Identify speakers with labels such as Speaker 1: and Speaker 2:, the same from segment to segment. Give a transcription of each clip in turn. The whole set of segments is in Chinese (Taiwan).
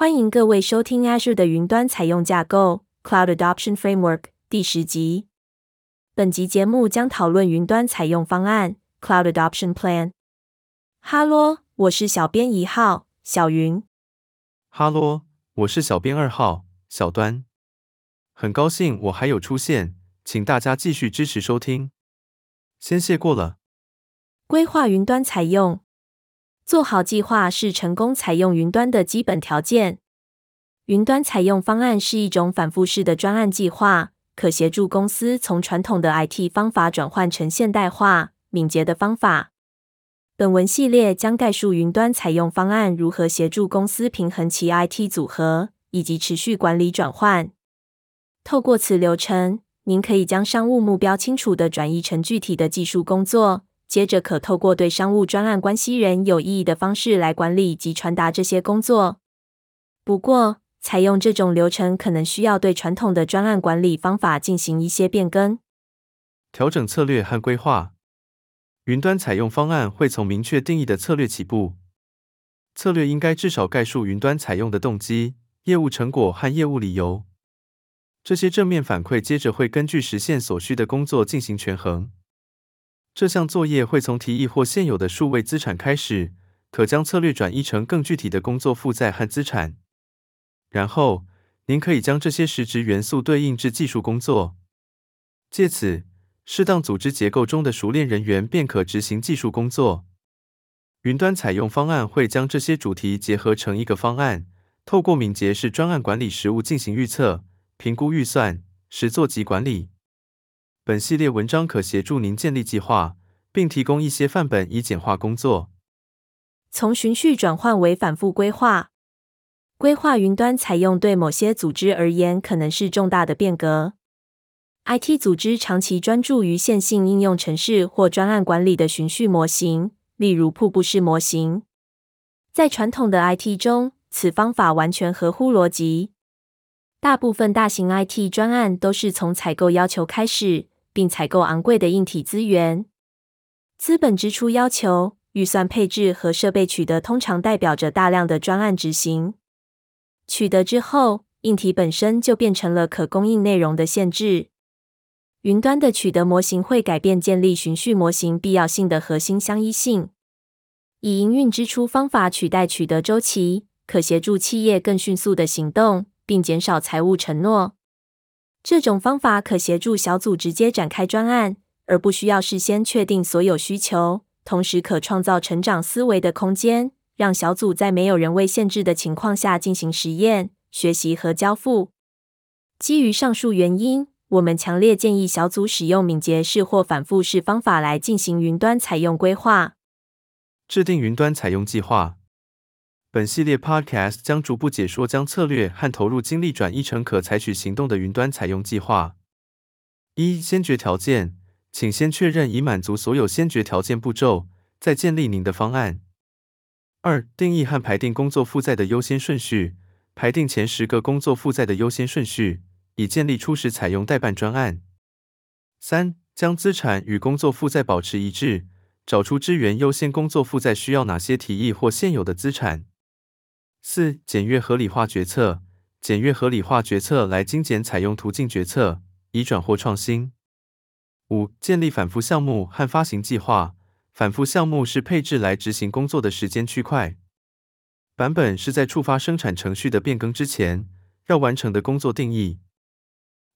Speaker 1: 歡迎各位收聽 Azure 的雲端採用架構 （Cloud Adoption Framework） 第十集。本集節目將討論雲端採用方案 （Cloud Adoption Plan）。哈嘍，我是小編一號，小雲。
Speaker 2: 哈嘍，我是小編二號，小端。很高興我還有出現，請大家繼續支持收聽。先謝過了。
Speaker 1: 規劃雲端採用。做好計劃是成功採用雲端的基本條件。雲端採用方案是一種反覆式的專案計劃，可協助公司從傳統的 IT 方法轉換成現代化、敏捷的方法。本文系列將概述雲端採用方案如何協助公司平衡其 IT 組合，以及持續管理轉換。透過此流程，您可以將商務目標清楚地轉譯成具體的技術工作。接着，可透過對商務專案關係人有意義的方式來管理及傳達這些工作。不過，採用這種流程可能需要對傳統的專案管理方法進行一些變更。
Speaker 2: 調整策略和規劃。雲端採用方案會從明確定義的策略起步，策略應該至少概述雲端採用的動機、業務成果和業務理由。這些正面反饋接着會根據實現所需的工作進行權衡。這項作業會從提議或現有的數位資產開始，可將策略轉移成更具體的工作負載和資產。然後，您可以將這些實質元素對應至技術工作，借此適當組織結構中的熟練人員便可執行技術工作。雲端採用方案會將這些主題結合成一個方案，透過敏捷式專案管理實務進行預測、評估、預算、實作及管理。本系列文章可協助您建立計劃，並提供一些範本以
Speaker 1: 簡化工作。從循序轉換為反覆規劃，規劃雲端採用對某些組織而言可能是重大的變革。IT 組織長期專注於線性應用程式或專案管理的循序模型，例如瀑布式模型。在傳統的 IT 中，此方法完全合乎邏輯。大部分大型 IT 專案都是從採購要求開始，並採購昂貴的硬體資源。資本支出要求、預算配置和設備取得通常代表着大量的專案執行。取得之後，硬體本身就變成了可供應內容的限制。雲端的取得模型會改變建立循序模型必要性的核心相依性。以營運支出方法取代取得周期，可協助企業更迅速的行動。並減少財務承諾。這種方法可協助小組直接展開專案，而不需要事先確定所有需求。同時，可創造成長思維的空間，讓小組在沒有人為限制的情況下進行實驗、學習和交付。基於上述原因，我們強烈建議小組使用敏捷式或反覆式方法來進行雲端採用規劃。
Speaker 2: 制定雲端採用計劃。本系列 Podcast 將逐步解說將策略和投入精力轉譯成可採取行動的雲端採用計劃。一、先決條件，請先確認已滿足所有先決條件步驟，再建立您的方案。二、定義和排定工作負載的優先順序，排定前十個工作負載的優先順序，以建立初始採用代辦專案。三、將資產與工作負載保持一致，找出支援優先工作負載需要哪些提議或現有的資產。四、檢閱合理化決策，檢閱合理化決策來精簡採用途徑決策，以轉或創新。五、建立反覆項目和發行計劃。反覆項目是配置來執行工作的時間區塊。版本是在觸發生產程序的變更之前要完成的工作定義。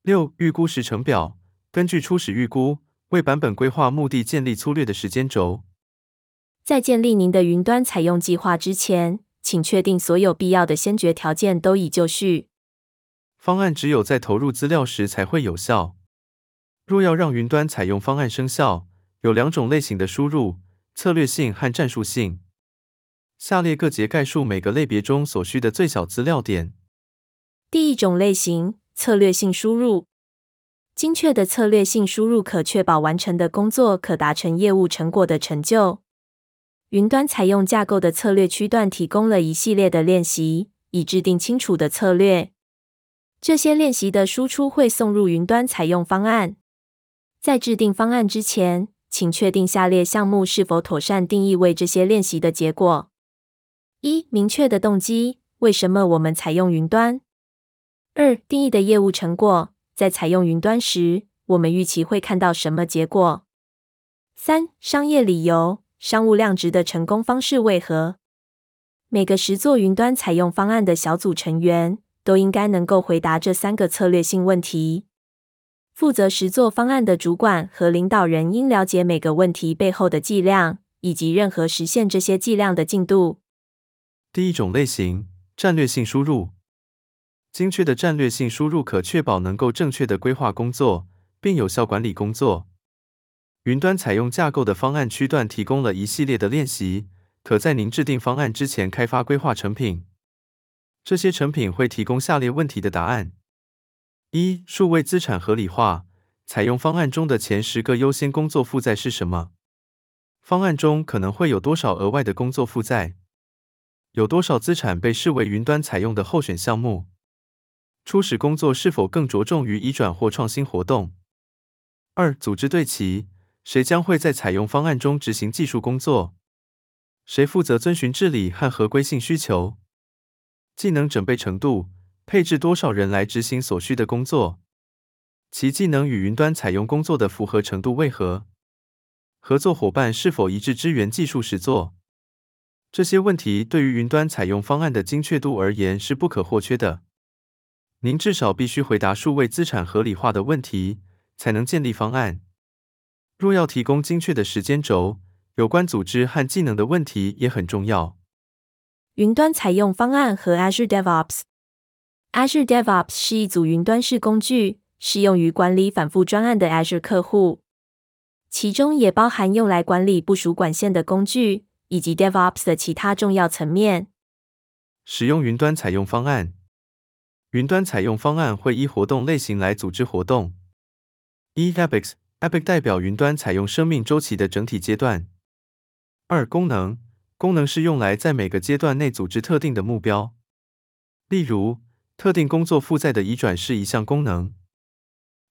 Speaker 2: 六、預估時程表，根據初始預估為版本規劃目的建立粗略的時間軸。
Speaker 1: 在建立您的雲端採用計劃之前。請確定所有必要的先決條件都已就緒。
Speaker 2: 方案只有在投入資料時才會有效。若要讓雲端採用方案生效，有兩種類型的輸入：策略性和戰術性。下列各節概述每個類別中所需的最小資料點。
Speaker 1: 第一種類型：策略性輸入。精確的策略性輸入可確保完成的工作可達成業務成果的成就。雲端採用架構的策略區段提供了一系列的練習，以制定清楚的策略。這些練習的輸出會送入雲端採用方案。在制定方案之前，請確定下列項目是否妥善定義為這些練習的結果：一、明確的動機，為什麼我們採用雲端；二、定義的業務成果，在採用雲端時，我們預期會看到什麼結果；三、商業理由。商務量值的成功方式為何？每個實作雲端採用方案的小組成員都應該能夠回答這三個策略性問題。負責實作方案的主管和領導人應了解每個問題背後的計量，以及任何實現這些計量的進度。
Speaker 2: 第一種類型：戰略性輸入。精確的戰略性輸入可確保能夠正確的規劃工作，並有效管理工作。雲端採用架構的方案區段提供了一系列的練習，可在您制定方案之前開發規劃成品。這些成品會提供下列問題的答案：一、數位資產合理化，採用方案中的前十個優先工作負載是什麼？方案中可能會有多少額外的工作負載？有多少資產被視為雲端採用的候選項目？初始工作是否更着重於移轉或創新活動？二、組織對齊。誰將會在採用方案中執行技術工作？誰負責遵循治理和合規性需求？技能準備程度？配置多少人來執行所需的工作？其技能與雲端採用工作的符合程度為何？合作夥伴是否一致支援技術實作？這些問題對於雲端採用方案的精確度而言是不可或缺的。您至少必須回答數位資產合理化的問題，才能建立方案。若要提供精確的時間軸，有關組織和技能的問題也很重要。
Speaker 1: 雲端採用方案和 Azure DevOps。Azure DevOps 是一組雲端式工具，適用於管理反復專案的 Azure 客戶，其中也包含用來管理部署管線的工具，以及 DevOps 的其他重要層面。
Speaker 2: 使用雲端採用方案。雲端採用方案會依活動類型來組織活動。一 Epics Epic 代表雲端採用生命周期的整體階段。二、功能功能是用來在每個階段內組織特定的目標，例如特定工作負載的移轉是一項功能。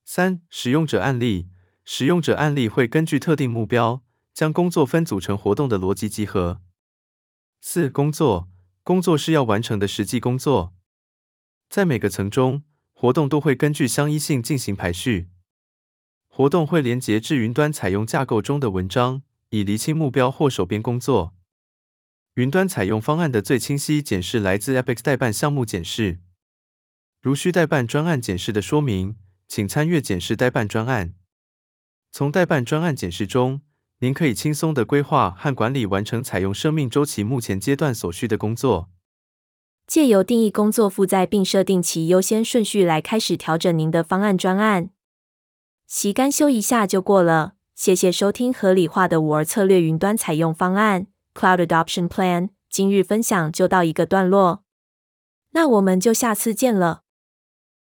Speaker 2: 三、使用者案例使用者案例會根據特定目標，將工作分組成活動的邏輯集合。四、工作工作是要完成的實際工作，在每個層中，活動都會根據相依性進行排序。活動會連接至雲端採用架構中的文章，以釐清目標或手邊工作。雲端採用方案的最清晰檢視來自 Epic 代辦項目檢視。如需代辦專案檢視的說明，請參閱檢視代辦專案。從代辦專案檢視中，您可以輕鬆地規劃和管理完成採用生命週期目前階段所需的工作。
Speaker 1: 借由定義工作負載並設定其優先順序來開始調整您的方案專案。其干修一下就過了，謝謝收聽合理化的 5R 策略雲端採用方案 （Cloud Adoption Plan）。今日分享就到一個段落，那我們就下次見了。